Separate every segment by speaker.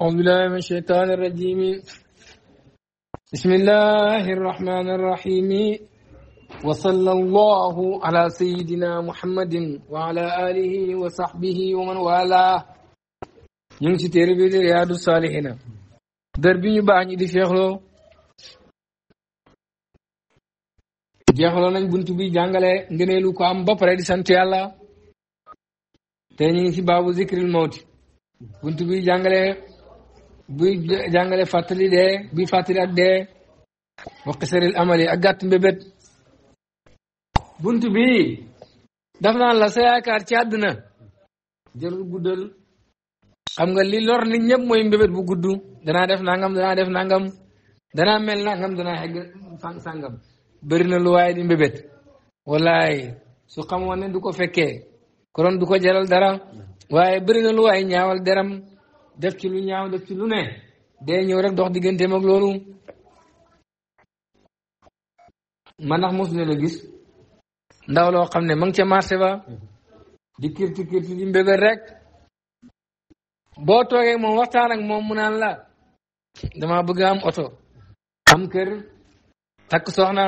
Speaker 1: أعوذ بالله من الشيطان الرجيم بسم الله الرحمن الرحيم وصلى الله على سيدنا محمد وعلى آله وصحبه ومن والاه يمشي تربية رياض الصالحين دربي باني دي شيخلو jeexaloon nañ bunt bi jàngale ngëneelu ko am ba pare di sant yàlla te ñu ngi ci baabu zikril mawti bunt bi jàngale buy jàngale fàttali dee buy fàttali ak dee wa qisaril amali ak gàtt bunt bi daf na la sa ci àdduna jërul guddal xam nga li lor nit ñëpp mooy mbébét bu gudd dana def nangam danaa def nangam danaa mel nangam danaa xegg fang sàngam bëri na lu waaye di mbébét su xamoon ne du ko fekkee konoon jaral dara waaye bëri na ñaawal deram def ci lu ñaaw def ci lu ne day ñëw rek dox digganteem ak loolu man ndax mosu ne la gis ndaw loo xam ne ma ngi ca marché ba di kirti kirti di mbébét rek boo toogee moom waxtaan ak moom mu naan la dama bëgg am oto am kër takk soxna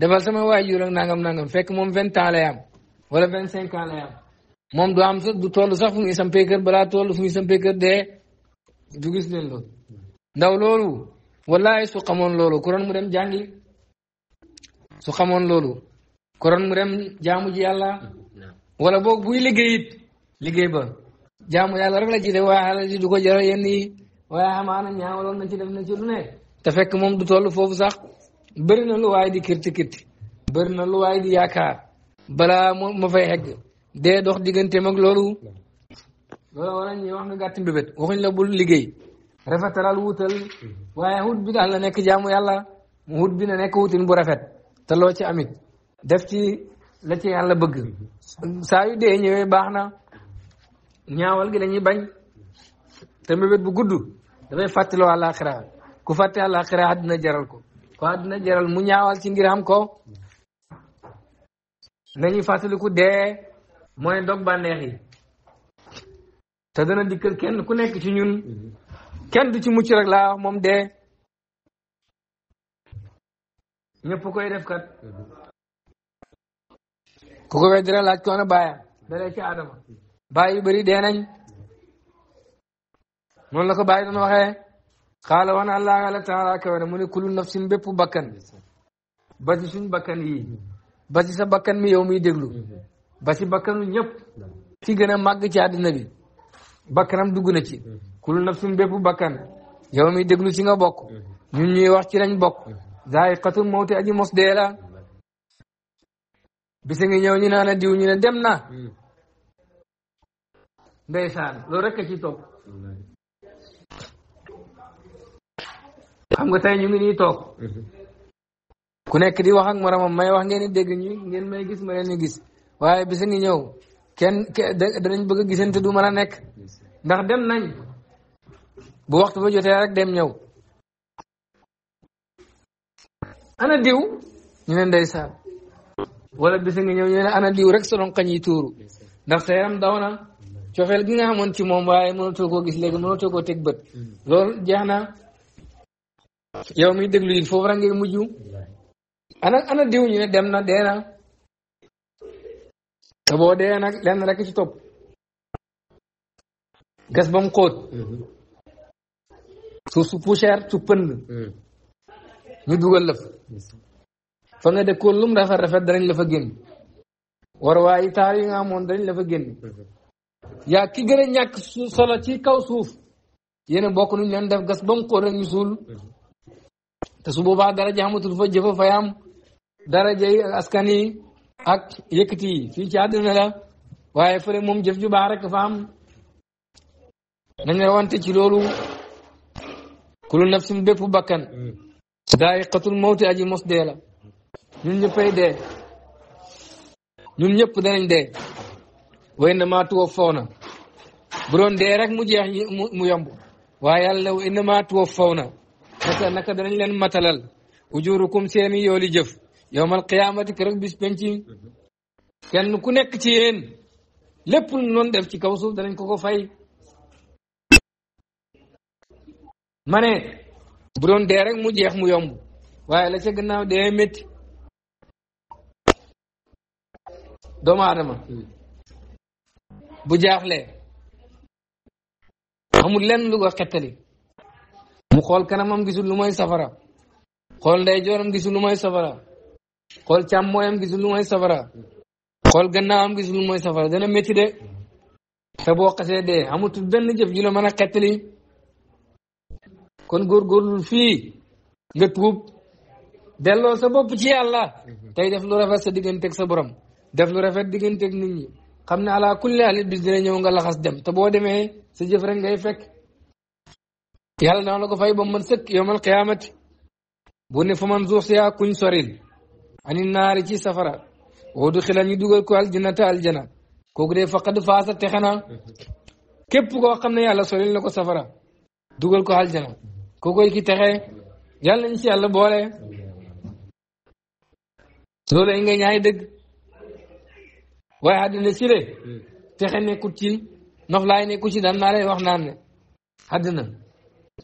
Speaker 1: defal sama waajur ak nangam nangam fekk moom vingt ans lay am wala vingt cinq ans lay am moom du am sax du toll sax fu muy sampee kër balaa toll fu muy sampee kër dee du gis leen loolu ndaw loolu wallaay su xamoon loolu kuroon mu dem jàngi xamoon loolu kuroon mu dem jaamu ji yàlla wala boo buy liggéey liggéey ba jaamu yàlla rek la ci def waaye xala du ko jaral yenn yi waaye xamaana ñaawaloon na ci def na ci lu ne te fekk moom du toll foofu sax bëri na lu waaye di kirti kirti bëri na lu waaye di yaakaar balaa ma fay xegg dee dox digganteem loolu loolu war nañ wax nga gàtt mbébét waxuñ la bul liggéey rafetaral wuutal mm-hmm. waaye wut bi daal la nekk jaamu yàlla mu wut bi na nekk wutin bu rafet te loo ci amit def ci la ci yàlla bëgg mm-hmm. saa yu dee ñëwee baax na ñaawal gi dañuy bañ te mbébét bu gudd dafay fàttaloo àllaaxira ku fàtte àllaaxira àddina jaral ko ko àddina jaral mu ñaawal ci ngir am ko mm-hmm. nañu fàttaliku dee mooy dog bànneex yi te dana dikkal kenn ku nekk ci ñun mhm. kenn du ci mucc rek laa moom dee ñëpp koy def kat ku ko wet dina laaj ko na bàyyam dalee ci aadama bàyyi yu bëri dee nañ noonu la ko bàyyi doon waxee xaala wax na allah àlla taala kawe ne mu ne nafsin bépp bakkan ba suñ bakkan yi ba sa bakkan mi yow muy déglu mhm. ba ci bakkanu ñëpp ci gën a màgg ci àddina bi bakkanam dugg na ci mm-hmm. kullu nafsin bépp bakkan yow mi déglu ci nga bokk mm-hmm. ñun ñuy wax ci lañ bokk mm-hmm. zaa'iqatul mawti aji mos dee la bisa ngi ñëw ñu naan diw ñu ne dem na ndeysaan loolu rek a ci topp xam nga tey ñu ngi nii toog ku nekk di wax ak moromam may wax ngeen di dégg ñu ngeen may gis ma leen gis waaye bisa ngi ñëw kenn danañ bëgg a gisante du mën a nekk ndax dem nañ bu waxtu ba jotee rek dem ñëw ana diw ñu ne ndeysaan wala bisa nga ñëw ñu ne ana diw rek solon kañ yi tuuru ndax sa yaram daw na cofeel gi nga xamoon ci moom waaye moo koo gis léegi mënatoo koo teg bët loolu jeex yow miy déglu yi foofu rek ana ana diw ñu ne dem na dee na te boo dee nag lenn rek ci topp gas ba mu xóot mm-hmm. suuf su poussière su pënd mm-hmm. ñu dugal la fa fa nga dëkkoon lum rafet rafet danañ la génn war waayi taar yi nga amoon danañ la génn mm-hmm. yaa ki gën a ñàkk solo ci kaw suuf yéen bokk nuñ leen def gas ba mu xóot rek ñu suul te su boobaa daraja amatul fa jëfa fayam daraja yi ak ak yëkkati fii ci waaye fële moom jëf ju baax rek fa am ci loolu kullu nafsin bépp bakkan daa'iqatul mawti aji mos dee la ñun ñëppay dee ñun ñëpp danañ dee wa innamaa tuwaffawna bu mu jeex mu yomb waaye yàlla wa innamaa tuwaffawna naka danañ leen matalal ujurukum seeni yooli jëf yowmal qiyaamati keroog bis penci kenn ku nekk ci yéen lépp lu def ci kaw suuf danañ ko ko fay mane bu doon dee rek mu jeex mu yomb waaye la ca naa dee métti doomu aadama bu jaaxlee amul lenn lu ko xettali mu xool kanamam gisul lu mooy safara xool ndey jooram gisul lu mooy safara xool càmmooyam gisul lu mooy safara xool gannaawam gisul lu mooy safara dana métti de te boo xasee de amatul benn jëf ju la mën a xettali kon góorgóorlu fii nga tuub delloo sa bopp ci yàlla tey def lu rafet sa digganteeg sa borom def lu rafet digganteeg nit ñi xam ne ala kulli haal bis dina nga laxas dem te boo demee sa jëf rek ngay fekk yàlla dana la ko fay ba mën sëkk yowmal qiyaamati bu ne fa man suuf si yaa kuñ soril ani naari ci safara woo du xilal dugal ko aljannata aljana kooku dee faqad faasa texe na képp koo xam ne yàlla solil na ko safara dugal ko aljana kookoy ki texe yàlla nañ ci yàlla boole loolu ay nga ñaay dëgg waaye àddina si de texe nekkut ci noflaay nekkut ci daan naa wax naan ne àddina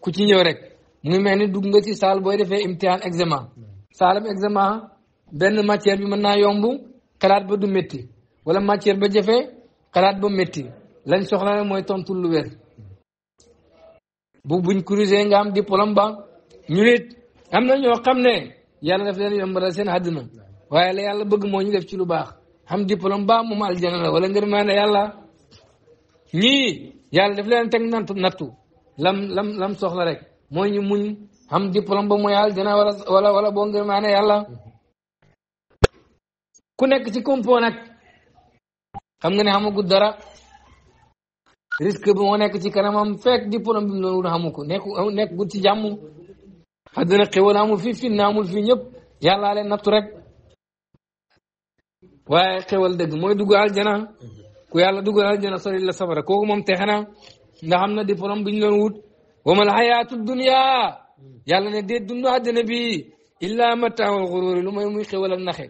Speaker 1: ku ci ñëw rek mu ngi mel ni dugg nga ci saal booy defee imtihaan examen saalam examen benn matière bi mën naa yomb kalaat ba du métti wala matière ba jafe kalaat ba métti lañ soxla rek mooy tontu lu wér bu buñ cruiser nga am diplôme ba am na ñoo xam ne yàlla def leen yombalal seen àdduna waaye la yàlla bëgg moo ñu def ci lu baax xam diplôme ba moom aljana la wala ngir maa ne yàlla ñii yàlla daf leen teg nattu nattu lam lam lam soxla mooy ñu muñ xam diplôme wala wala wala boo ngir maa ne yàlla ku nekk ci kumpo nag xam nga ne xamagul dara risque bi moo nekk ci kanamam fekk diplôme bi wut xamu ko nekk nekk gu ci jàmm àdduna xéwal amul fii fitna amul fii ñëpp yàllaa leen nattu rek waaye xéwal dëgg mooy dugg aljana ku yàlla dugg aljana sori la safara kooku moom texe na nga xam na diplôme bi ñu doon wut wamal xayaatu dunya yàlla ne dee dundu àddina bi illa mataaul xururi lu may muy xéwal ak naxe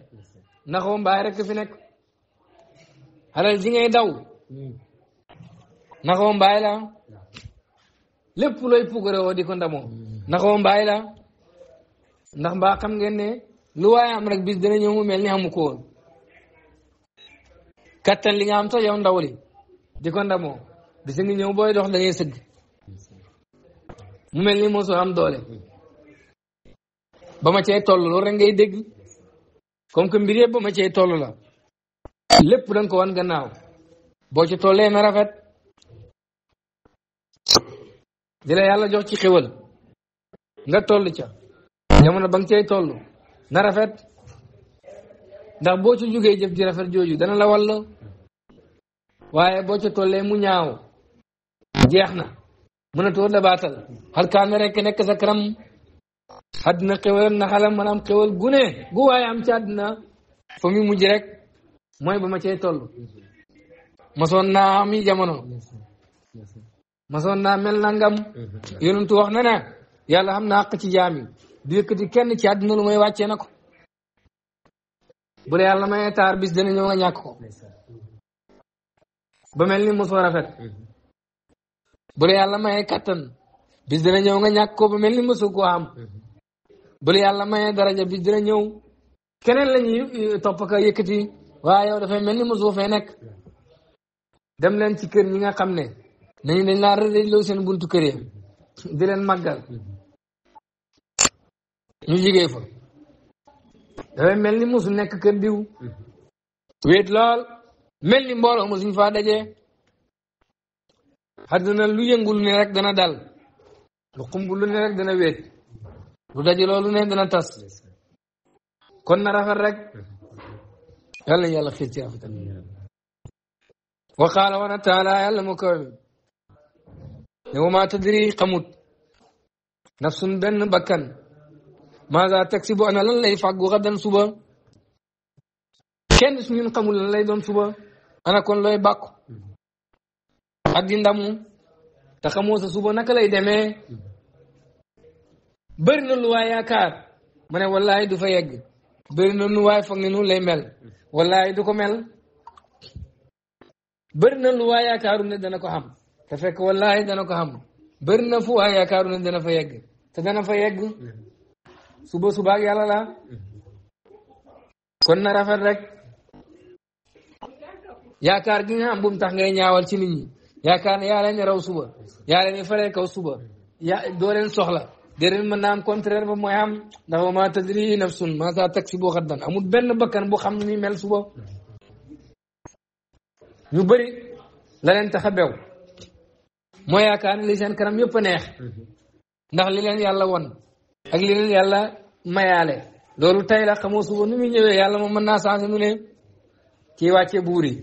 Speaker 1: naxoo mbaay rek fi nekk xalal ji ngay daw naxoo mbaay la lépp looy pugare woo di ko ndamoo naxoo mbaay la ndax mbaa xam ngeen ne lu waaye am rek bis dana ñëw mu mel ni amu ko woon li nga am sax yow ndaw li di ko ndamoo bis ngi ñëw booy dox da ngay mu mel ni mosoo am doole ba ma cee toll loolu rek ngay dégg comme que mbir yëpp ba ma cee toll la lépp da ko wan gannaaw boo ci tollee na rafet di la yàlla jox ci xéwal nga toll ca jamono ba nga cay toll na rafet ndax boo ci jógee jëf di rafet jooju dana la wall waaye boo ca tollee mu ñaaw jeex na mënatoo dabaatal xar kaame rekk nekk sa kanam àddina xewal na xalam maanaam xewal gune gu waaye am ci àddina fa mu mujj rek mooy ba ma cey toll masoon naa am yi jamono masoon naa mel nangam yonentu wax na ne yàlla xam na xëcc ci jaam yi du yëkkati kenn ci àddina lu may wàccee na ko bu la yàlla mayee taar bis ba mel ni mosoo rafet yàlla mayee kattan ba mel ni mosoo ko am bu la yàlla mayee daraja bi dina ñëw keneen la ñuy euh, topp ka yëkkati waaye yow dafay mel ni mosoo fee nekk dem leen ci kër ñi nga xam ne nañu dañ laa rëdd loo seen buntu kër di leen màggal ñu jigéey fa dafay mel ni mosu nekk kër diw wéet lool mel ni mbooloo mosuñ faa dajee xaddina lu yëngul lu ne rek dana dal lu xumb lu ne rek dana wéet lu daje loolu ne dana tas kon na rafet rek yàlla yàlla xiir ci rafetal wa qaala wana taala mu kaw mi ma tadri xamut nafsun benn bakkan maasa taksi bu ana lan lay fàggu xadan suba kenn su ñun lan lay doon suba ana kon looy bàkku ak di ndamu te xamoo suba naka lay demee bëri na lu waay yaakaar mu ne wallaahi du fa yegg bëri lu waay foog ne noonu lay mel wallaahi du ko mel bëri na lu waay yaakaaru ne dana ko xam te fekk wallaahi dana ko xam bëri na fu waay yaakaaru ne dana fa yegg te dana fa yegg suba suba ak yàlla la kon na rafet rek yaakaar gi nga xam bu mu tax ngay ñaawal ci nit ñi yaakaar ne yaa leen raw suba yaa leen fare kaw suba yaa doo soxla déedéet man naa am contraire ba mooy am ndax wa ma tadri nafsun ma sa taksibu xaddan amul benn bakkan boo xam ni mel suba ñu bëri la leen tax a bew mooy yaakaar li seen kanam yëpp a neex ndax li leen yàlla won ak li leen yàlla mayaale loolu tey la xamoo suba nu muy ñëwee yàlla moom mën naa changé nu ne kii wàcce buur yi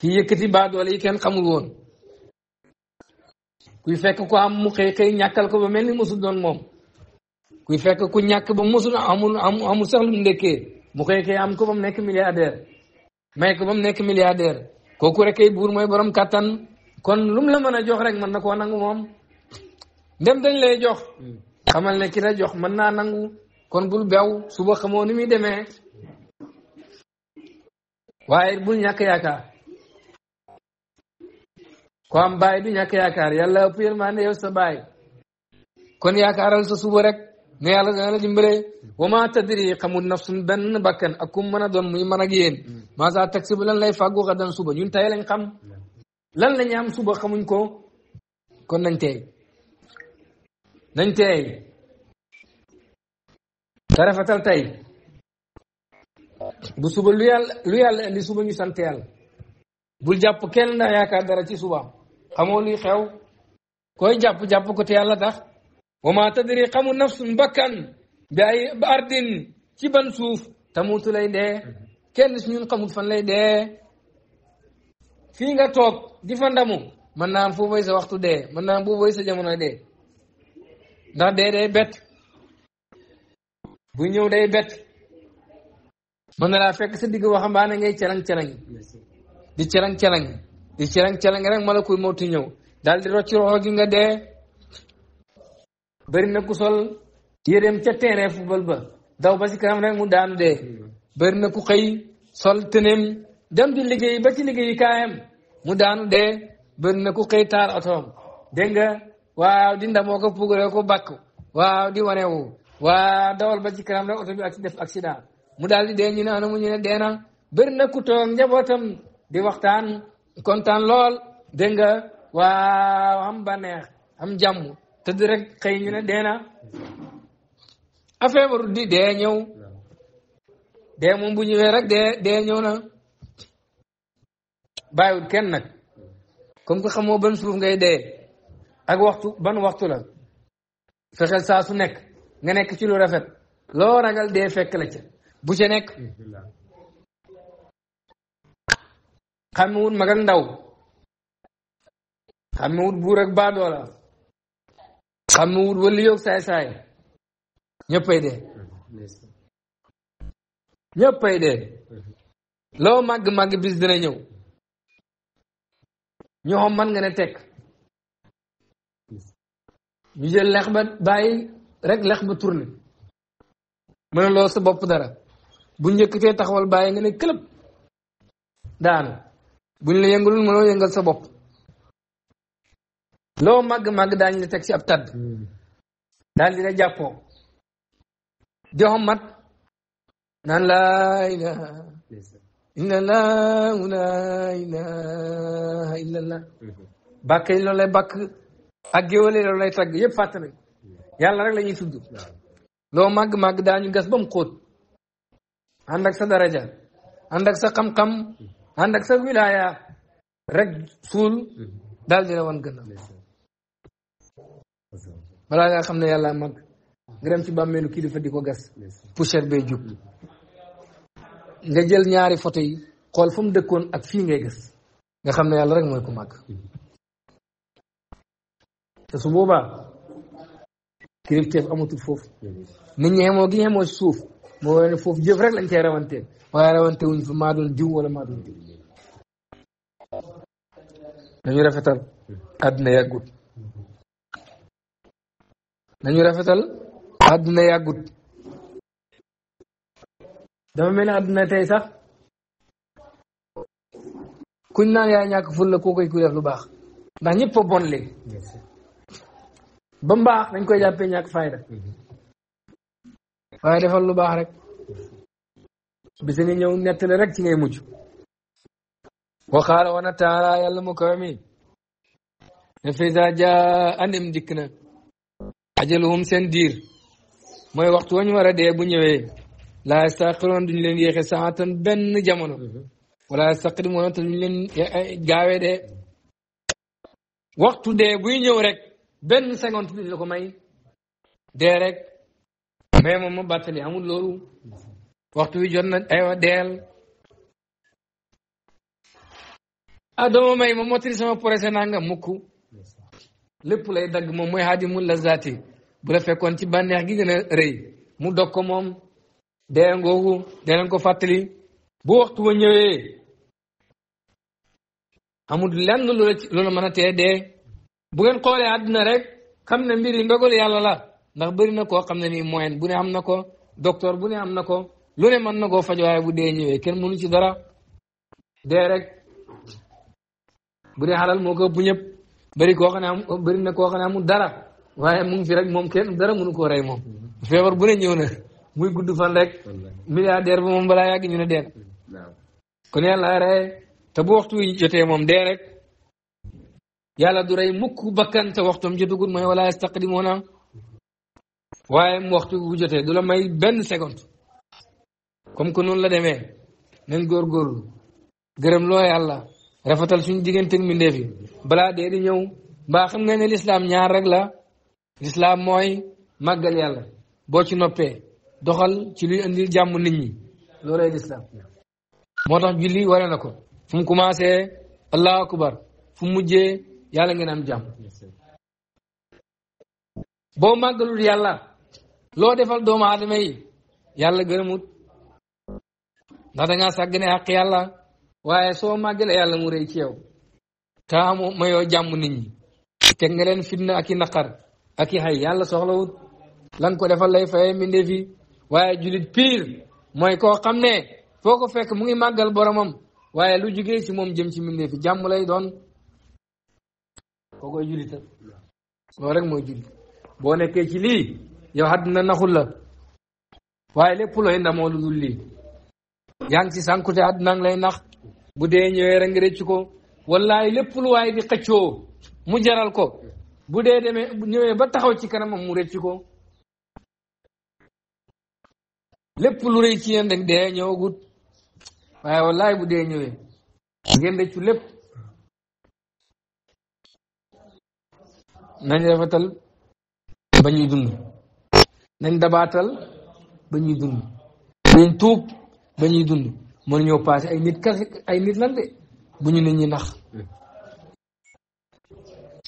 Speaker 1: kii yëkkati baa doole yi kenn xamul woon kuy fekk ku am mu xëy xëy ñàkkal ko ba mel ni mosul doon moom kuy fekk ku ñàkk ba mosul amul amul sax lu mu ndekkee mu xëy am ko ba mu nekk milliardaire may ko ba mu nekk milliardaire kooku rek ay buur mooy borom kàttan kon lu mu la mën a jox rek mën na koo nangu moom ndem dañ lay jox xamal ne ki la jox mën naa nangu kon bul bew suba xamoo ni muy demee waaye bul ñàkk yaakaar ku am baay du ñàkk yaakaar yàlla ëpp yërmande yow sa baay kon yaakaaral sa suba rek ne yàlla dana la dimbale wa ma tadri xamul nafsun benn bakkan ak kum mën a doon muy mën ak yéen maa saa bi lan lay fàggu xadan suba ñu tey lañ xam lan lañu am suba xamuñ ko kon nañ tey nañ tey te rafetal tey bu suba lu yàlla lu yàlla indi suba ñu sant yàlla bul jàpp kenn ndax yaakaar dara ci suba xamoo li xew koy jàpp jàpp ko te yàlla tax wama tadri nafsun bakkan bi ay ardin ci ban suuf tamutu lay dee kenn si ñun xamul fan lay dee fii nga toog di fa ndamu mën naa fu foofay sa waxtu dee mën naa am boobay sa jamono dee ndax dee day bett bu ñëw day bett mën na fekk sa digg waxambaane ngay calang calang di calang calang di cëlëng cëlëng rek malakul mawti ñëw daal di rocc roxo gi nga dee bëri na ku sol yéreem ca terrain football ba daw ba si kanam rek mu daanu dee bëri na ku xëy sol tëneem dem mu daanu dee bëri na taal otoom dégg waaw di ndamoo ko puugaree ko waaw di wanewu waaw dawal ba ci kanam rek oto bi ak def accident mu daal di dee ñu ne anamu ñu ne dee na ku toog njabootam di waxtaan kontaan lool dégg nga waaw am baneex am jàmm te rek xëy ñu ne dee na a ah, feebaru di dee ñëw dee moom bu ñëwee rek dee ñëw na bàyyiwut kenn nag comme que xamoo ban suuf ngay dee ak waxtu ban waxtu la fexeel saa su nekk nga nekk ci lu rafet loo ragal dee fekk la ca bu ca nekk xamewut mag ak ndaw xamewut buur ak baadoola xamewut wëli yoog saay-saay ñëppay dee ñëppay dee loo màgg-màgg bis dina ñëw ñoo man nga ne tekk ñu jël lex ba bàyyi rek lex ba tourné mu ne loo sa bopp dara bu njëkkatee taxawal bàyyi nga ne këlëb daanu buñ la yëngalul mënoo yëngal sa bopp loo màgg-màgg daañu la teg ci ab tadd hmm. daal di la jàppoo di xommat naan laa ilaha illallah laa hmm. yi loolu lay bàkk ak géwale loolu lay tagg yëpp fàtte nañ hmm. yàlla rek la ñuy loo màgg-màgg daañu gas ba mu xóot ànd ak daraja ànd ak sa xam ànd ak sa wilaya rek suul daal di la wan gën a balaa nga xam ne yàlla mag nga dem ci bàmmeelu kilifa di ko gas poussière bay jub nga jël ñaari photo yi xool fu mu dëkkoon ak fii ngay gas nga xam ne yàlla rek mooy ko màgg te su boobaa kilifteef amatul foofu nit ñi gi xemoo suuf moo wane ne foofu jëf rek lañ cay rawante waaye rawante wuñ fi doon jiw wala maa doon jiw nañu rafetal àdduna yàggut rafetal àdduna yàggut dama mel ne àdduna tey sax kuñ naan yaa ñàkk ful koo koy ku def lu baax ndax ñëpp bon léegi ba mbaax dañ koy jàppee ñàkk fayda mm-hmm. waaye defal lu baax rek bis nga ñëw nettali rek ci ngay mujj wa wana taala yàlla mu kawe mi ne fisa ja andem dikk na ajaluhum seen diir mooy waxtu wañu war a dee bu ñëwee laa yastaqiroon duñu leen yéexe saatan benn jamono wala yastaqdimoon te duñu leen gaawee dee waxtu dee buy ñëw rek benn seconde duñu la ko may dee rek mais moom ma bàttali amul loolu waxtu wi jot na aywa deel ah dooma may ma mottali sama procès naa mukk lépp lay dagg moom mooy xaadimul lazati bu bula fekkoon ci bànneex gi gën rëy mu dog ko moom dee ngoogu danañ ko fàttali bu waxtu wa ñëwee amul lenn loola ci loola tee dee bu ngeen xoolee rek xam ne mbir yi mbegul yàlla la ndax bëri na koo xam ne nii moyen bu ne am na ko docteur bu ne am na ko lu ne mën na koo faj waaye bu dee ñëwee kenn mu mënu ci dara dee rek bu dee xalal moo ko bu ñëpp bëri koo xam ne am bëri na koo xam ne dara waaye mu ngi fi rek moom kenn dara mënu koo rey moom feebar bu ne ñëw na muy gudd fan rek milliardaire bi moom balaa yàgg ñu ne deen kon yàlla rey te bu waxtu wi jotee moom dee rek yàlla du rey mukk bakkan te waxtoom jotugul mooy wala yastaqdimuuna waaye waxtu bu jotee du la may benn seconde comme que noonu la demee nañ góorgóorlu gërëm loo yàlla rafetal suñu digganteeg mbindeef yi balaa dee di ñëw mbaa xam nga ne lislaam ñaar rek la lislaam mooy màggal yàlla boo ci noppee doxal ci luy indil jàmm nit ñi loolay lislaam moo tax julli waree na ko fu mu commencé allahu akbar fu mujjee yàlla ngeen am jàmm boo màggalul yàlla loo defal doomu aadama yi yàlla gërëmut ndax da ngaa sàggane àq yàlla waaye soo màggale yàlla mu rëy ci yow te amoo mayoo jàmm nit ñi teg nga leen fitna ak naqar ak i xay yàlla soxlawut lan ko defal lay faye mbindee fi waaye julit pire mooy koo xam ne foo ko fekk mu ngi màggal boromam waaye lu jugee si moom jëm si mbindee fi jàmm lay doon koo koy julita loolu rek mooy julit boo nekkee lii yow àddina naxul la waaye lépp looy ndamoo lu dul lii ngi ci sànkute àddina ngi lay nax bu dee ñëwee rek nga rëcc ko wallaay lépp lu waaye di xëccoo mu jaral ko bu dee demee ñëwee ba taxaw ci kanamam mu rëcc ko lépp lu rëy ci yéen rek dee ñëwagut waaye wallaay bu dee ñëwee ngeen rëccu lépp nañ rafetal ba dund nañ dabaatal ba ñuy dund nañ tuub ba ñuy dund mën ñoo passé ay nit ka ay nit lan de bu ñu ne ñi nax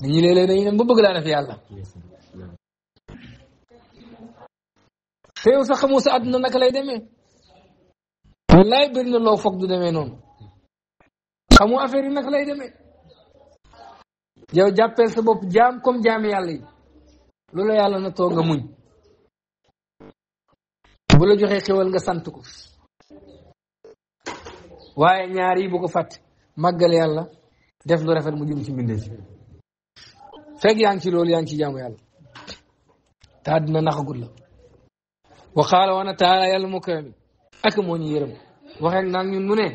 Speaker 1: dañu léeg-léeg dañuy dem ba bëgg laa def yàlla te yow sax sa àdduna naka lay demee wallaay bëri na loo foog du demee noonu xamoo affaire yi naka lay deme yow jàppeel sa bopp jaam comme jaami yàlla yi loolu yàlla na toog nga muñ bu la joxee xéwal nga sant ko waaye ñaar yi bu ko yàlla def lu rafet mu jëm ci mbindee si fekk yaa ngi ci loolu yaa ci jaamu yàlla te àddina naxagul la wa qaala wana taala yàlla mu kawe ak moo ñu yërëm waxee naag ñun mu ne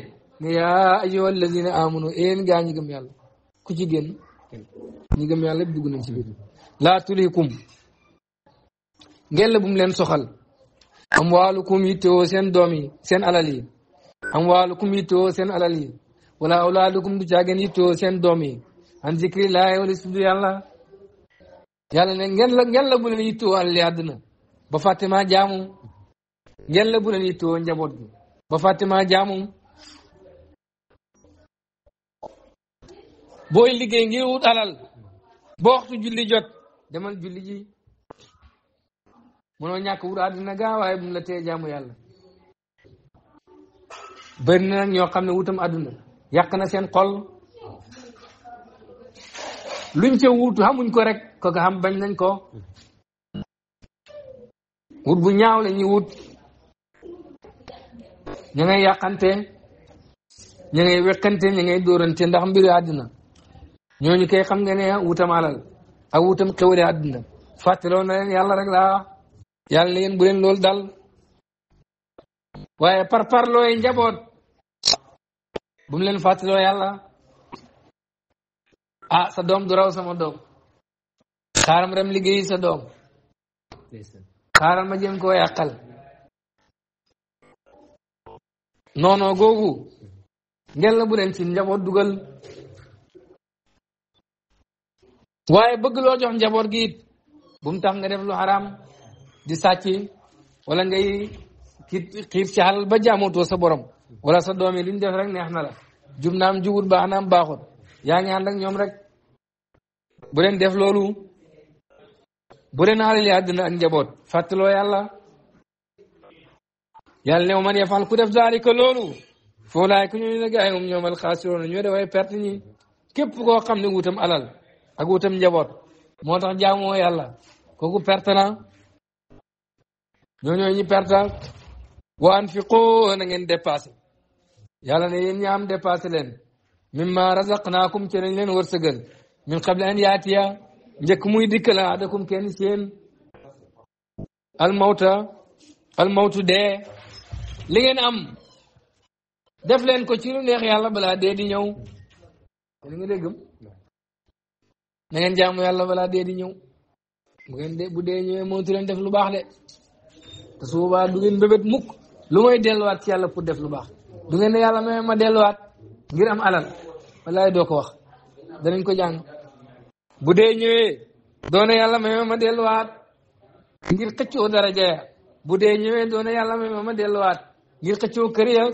Speaker 1: ne yaa ayyuha alladina amanu yéen gaa ñi yàlla ku ci génn ñi gëm yàlla dugg nañ ci biir laa tulikum ngeen la leen soxal am waalukum yittewoo seen doom seen alal yi am waalukum yittewoo seen alal yi wala awlaadukum du caageen yittewoo seen doom an zikri laahi wala sudu yàlla ne ngeen la ngeen la bu leen yittewoo alal yi àdduna ba fàtte maa jaamu ngeen la bu leen yittewoo njaboot bi ba fàtte maa jaamu booy liggéey ngir wut alal boo waxtu julli jot demal julli mënoo ñàkk wut àddina gaa waaye bu mu la tee jaamu yàlla bëri na ñoo xam ne wutam àdduna yàq na seen xol luñ ca wut xamuñ ko rek ko nga xam bañ nañ ko wut bu ñaaw lañuy wut ña ngay yàqante ña ngay weqante ña ngay dóorante ndax mbiri àdduna ñooñu kay xam nga ne wutam alal ak wutam xewale àdduna fàttaloo na leen yàlla rek laa yàlla yéen bu leen loolu dal waaye par par looy njaboot bu mu leen fàttaloo yàlla a ah, sa doom du sama doom xaaral ma dem sa doom xaaral ma jëm koo yàqal noonoo googu ngel la bu leen njaboot dugal waaye bëgg loo jox njaboot gi it tax nga def lu xaraam di sàcc wala ngay xiif ci xalal ba jaamootoo sa borom wala sa doom yi def rek neex na la jub naam jubut baax naam baaxut yaa ngi ànd ñoom rek bu leen def loolu bu leen xalal yi àddina yàlla yàlla ne man yafal ku def zaalika loolu foo laay ku ñu ne gaa yi moom ñoom alxaasiroon ñoo def ay perte ñi képp koo xam ne wutam alal ak wutam njaboot moo tax jaamoo yàlla kooku perte ñoo ñooy ñi pertal wa anfiqoo na ngeen dépassé yàlla ne yéen ñi am dépassé leen mimma razaqnaakum ci lañ leen wërsëgal min qabli an yaatiya njëkk muy dikkal ahadakum kenn seen almawta almawtu dee li ngeen am def leen ko ci lu neex yàlla balaa dee di ñëw li nga déggam na ngeen jaamu yàlla balaa dee di ñëw bu ngeen dee bu def lu baax de te su boobaa du ngeen mbébét mukk lu mooy delluwaat ci yàlla pour def lu baax du ngeen ne yàlla may ma delluwaat ngir am alal wallaay doo ko wax danañ ko jàng bu dee ñëwee doona yàlla may ma delluwaat ngir xëccoo daraja ya bu dee ñëwee doona yàlla may ma delluwaat ngir xëccoo kër ya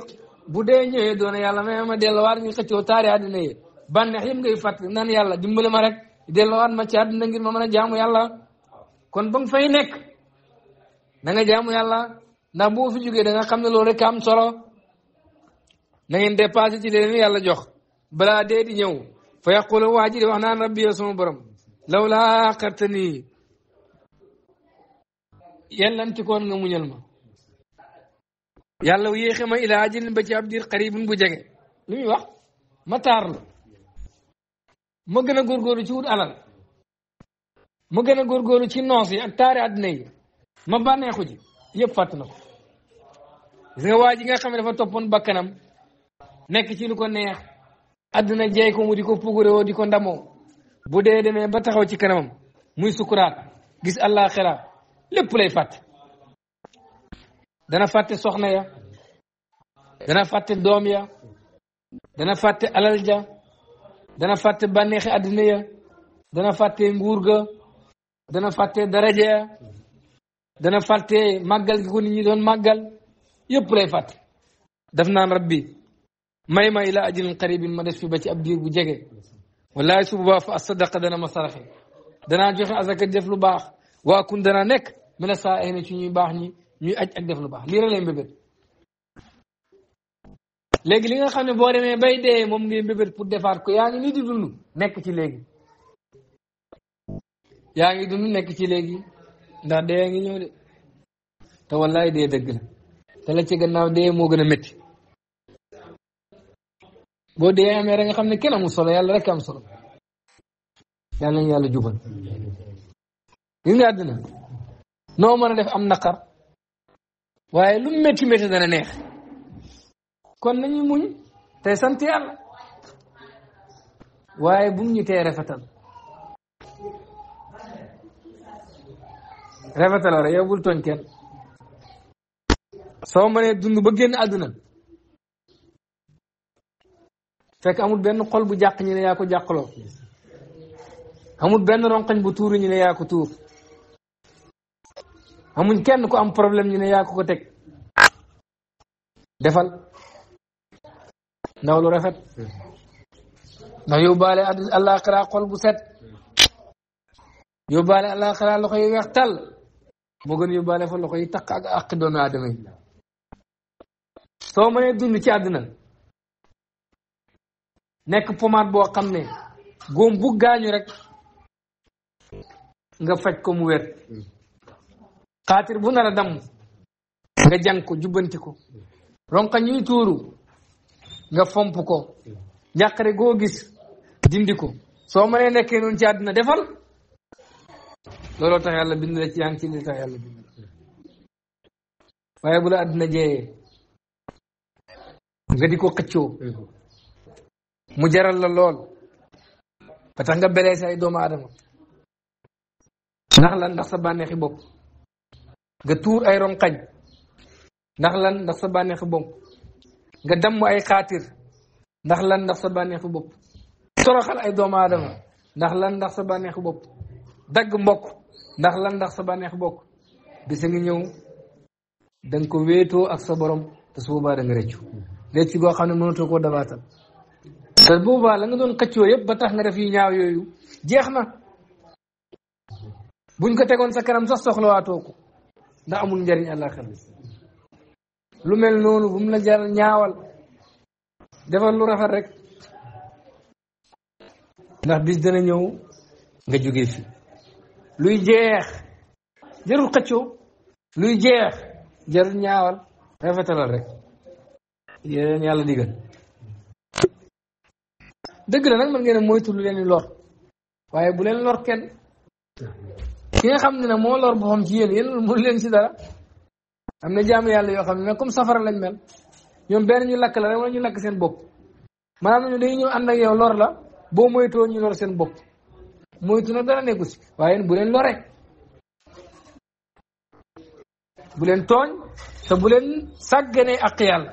Speaker 1: bu dee ñëwee doona yàlla ma ma delluwaat ngir xëccoo taari àddina yi bànneex yëpp ngay fàttali nan yàlla dimbale ma rek delluwaat ma ci àddina ngir ma mën a jaamu yàlla kon ba nga fay nekk na nga jaamu yàlla ndax boo fi jógee da xam ne loolu rek am solo na ngeen dépassé ci leen yàlla jox balaa dee di ñëw fa yaqulu waa ji wax naan rabbi yow sama borom law laa xartanii yellantikoon nga muñal ma yàlla yéexe ma ilaa ajin ba ci ab diir xaribun bu jege muy wax ma taar la ma gën a góorgóorlu ci wut alal ma gën a góorgóorlu ci noos yi ak taari àddina yi ma bànneexu ji yépp fàtt na ko gis nga waa ji nga xam ne dafa toppoon bakkanam nekk ci lu ko neex àdduna jeey ko di ko puguréwoo di ko ndamoo bu dee demee ba taxaw ci kanamam muy sukuraat gis allah xira lépp lay fàtte dana fàtte soxna ya dana fàtte doom ya dana fàtte alal dana fàtte bànneexi àdduna ya dana fàtte nguur ga dana fàtte daraja ya dana fàtte màggal gi ni nit ñi doon màggal yëpp lay fàtte daf naan rabbi may ma ila ajalin qaribin ma des fi ba ci ab diir bu jege wallahi su boobaa fa asadaqa dana ma saraxe danaa joxe asaka jef lu baax waa kun dana nekk mën a saa ay ci ñuy baax ñi ñuy aj ak jef lu baax lii rek lay mbébét léegi li nga xam ne boo demee bay dee moom ngay mbébét pour defaat ko yaa ngi nii di nekk ci léegi yaa ngi dund nekk ci léegi ndax dee ngi ñëw de te wallaay dee dëgg la te la ci gannaaw dee moo gën a métti boo dee amee nga xam ne kenn amul solo yàlla rek am solo yàlla nañu yàlla jubal gis nga àddina noo mën a def am naqar waaye lu métti métti dana neex kon nañu muñ tey sant yàlla waaye bu mu ñu tee rafetal rafetaloo rek yow bul tooñ kenn soo mënee dund ba génn àdduna fekk amul benn xol bu jàq ñu ne yaa ko jàqloo amul benn ronqañ bu tuuru ñu ne yaa tuur amuñ kenn ku am problème ñu ne yaa ko ko teg defal ndaw lu rafet ndax yóbbaale àllaaxira xol bu set yóbbaale àllaaxira loxo yu weex tàll moo gën yóbbaale fa loxo yi takk ak àq doomu aadama yi soo mënee dund ci àdduna nekk pomaat boo xam ne góom bu gaañu rek nga faj ko mu wér xaatir bu nar a damm nga jàng ko jubbanti ko ronka ñuy tuuru nga fomp ko njàqare goo gis dindi ko soo mënee nekkee noonu ci àdduna defal looloo tax yàlla bind la ci yaa ngi ci li tax yàlla bind la bu la àddina jeeyee nga di ko mu jaral la lool ba tax nga belee say doomu aadama ndax lan ndax sa bànneexi bopp nga tuur ay ronqañ ndax lan ndax sa bànneexi ay xaatir ndax lan ndax sa bànneexi toroxal ay doomu aadama ndax lan ndax sa bànneexi bopp dagg mbokk ndax lan ndax sa bànneex bokk bisa nga ñëw da ko wéetoo ak sa borom te su boobaa da nga rëccu rëccu goo xam ne mënatoo koo dabaatal te boobaa la nga doon xëccoo yëpp ba tax nga def yi ñaaw yooyu jeex na buñ ko tegoon sa kanam sax soxlawaatoo ko ndax amul njariñ àllaaxira lu mel noonu bu mu la jar ñaawal defal lu rafet rek ndax bis dana ñëw nga jóge fi luy jeex jarul xëccoo luy jeex jarul ñaawal rafetalal rek yeen yàlla digal dëgg la nag man ngeen a moytu lu leen lor waaye bu leen lor kenn ki nga xam ne nag moo lor boppam ci yéen yéen mënu leen si dara am na jaamu yàlla yoo xam ne comme safara lañ mel ñoom benn ñu lakk la rek wala ñu lakk seen bopp maanaam ñu dañu ñëw ànd ak yow lor la boo moytoo ñu lor seen bopp moytu na dara nekku si waaye bu leen lore bu leen tooñ te bu leen sàgganee ak yàlla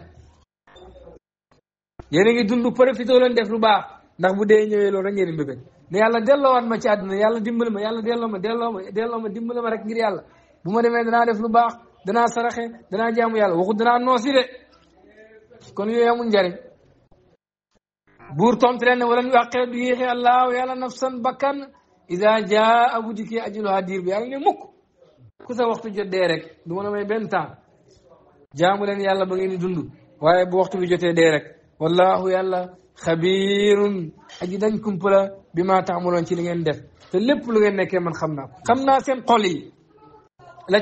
Speaker 1: yéen a ngi dund profité leen def lu baax ndax bu dee ñëwee loolu rek ngeen di ne yàlla delloowaat ma ci àdduna yàlla dimbali ma yàlla delloo ma delloo ma delloo ma dimbali ma rek ngir yàlla bu ma demee danaa def lu baax danaa saraxe danaa jaamu yàlla waxut danaa noosi de kon yooyu amul njariñ buur tontu leen ne walan wàqee du yéexee allah yàlla nafsan bakkan ida jaa bu dikkee ajaluhaa diir bi yàlla ne mukk ku sa waxtu jot dee rek du ma la may benn temps jaamu leen yàlla ba ngeen di dund waaye bu waxtu bi jotee dee rek wallahu yàlla xabiirun aji dañ kumpala bi maa taamuloon ci li ngeen def te lépp lu ngeen nekkee man xam naa ko xam naa seen xol yi la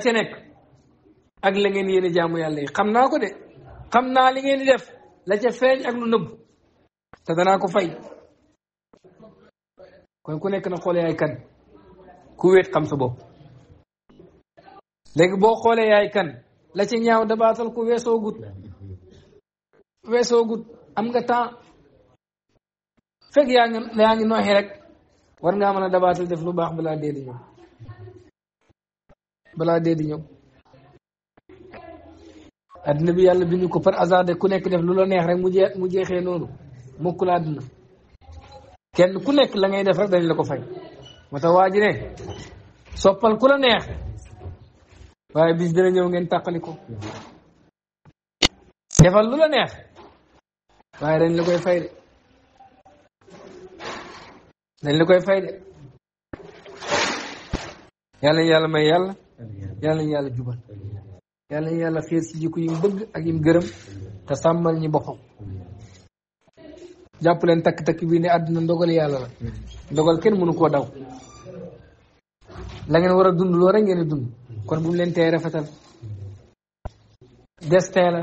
Speaker 1: la ngeen yéene jaamu yàlla xam naa de xam naa li ngeen def la ca feeñ ak lu nëbb te danaa ko fay kon ku nekk na xoole yaay kan ku wéet xam sa bopp léegi boo xoolee yaay kan la ci ñaaw dabaatal ku weesoo gut weesoo am nga temps fekk yaa ngi yaa ngi rek war ngaa mën a dabaatal def lu baax balaa dee di ñëw balaa dee di ñëw addina bi yàlla bindu ko par hasard de ku nekk def lu la neex rek mu mu jeexee noonu mukkul àdduna kenn ku nekk la ngay def rek dañ la ko fay moo tax ne soppal ku neex waaye bis dina ñëw ngeen tàqali defal lu la neex waaye dañ la koy fay dañ la koy fay de yàlla ñu may yalla yalla yalla jubal yalla yalla yàlla ci jikko bëgg ak yim gëreem ta sàmmal ñi boppam jàpp leen tak takk bii ne ndogal yalla la ndogal ken mënu ko daw la ngeen wara dund lo rek ngeen dund kon bu len leen tey rafetal destin la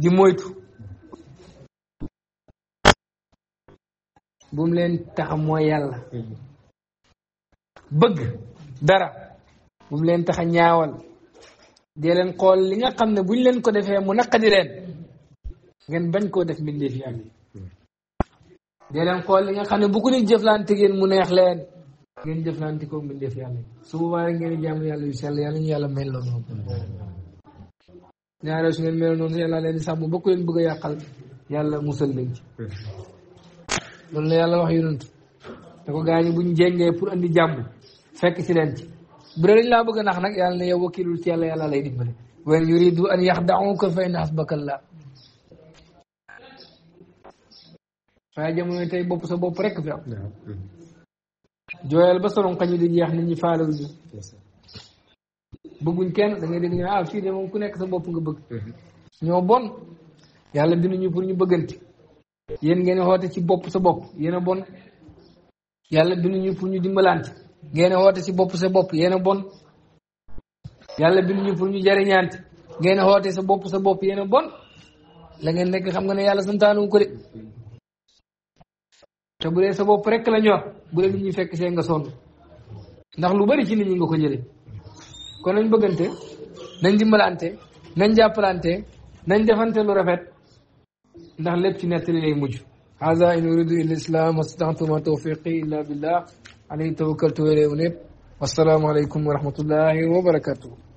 Speaker 1: di moytu bu len tax mo yalla bëgg dara bu len tax ñaawal di len xol li nga xamne buñ len ko defee mu naqadi len ngeen bañ koo def mbindeef yi am yi dee leen li nga xam ne bu ko nit jëflante ngeen mu neex leen ngeen jëflante koog mbindeef yàlla yi su boobaa rek ngeen jaamu yàlla yu sell yàlla ñu yàlla mel noonu ñaare su ngeen mel noonu yàlla leen di sàmm ba ku leen bëgg a yàqal yàlla musal leen ci loolu la yàlla wax yonent da ko gaañi buñ pour andi jàmm fekk si leen ci bu dee dañ laa bëgg a nax nag yàlla ne yow wakiilul ci yàlla yàlla lay dimbale wa in yuridu an yaxdauka fa inna hasbaka allah waaye jamono tey bopp sa bopp rekk fi am ba soron xañu di jeex nit ñi faalewu ñu bëgguñ kenn da ngay dégg ñu ah, moom ku nekk sa bopp nga bëgg mhm. ñoo bon yàlla binduñu pour ñu bëggante yéen ngeen xoote ci bopp sa bopp yéen a bon yàlla binduñu pour ñu dimbalante ngeen xoote ci bopp sa bopp yéen a bon yàlla binduñu pour ñu jariñante ngeen xoote sa bopp sa bopp yéen a bon la ngeen nekk xam nga ne yàlla santaanu ko de te bu dee sa bopp rek la ñor bu dee nit ñi fekk see nga sonn ndax lu bari ci nit ñi nga ko jëlee kon nañ bëggante nañ dimbalante nañ jàppalante nañ defante lu rafet ndax lépp ci nettali lay mujj hada in uridu illa islam astaxtu ma tawfiqi illa billah alayhi tawakkaltu wa ilayhi unib wassalaamu alaykum wa rahmatullahi wa barakatuh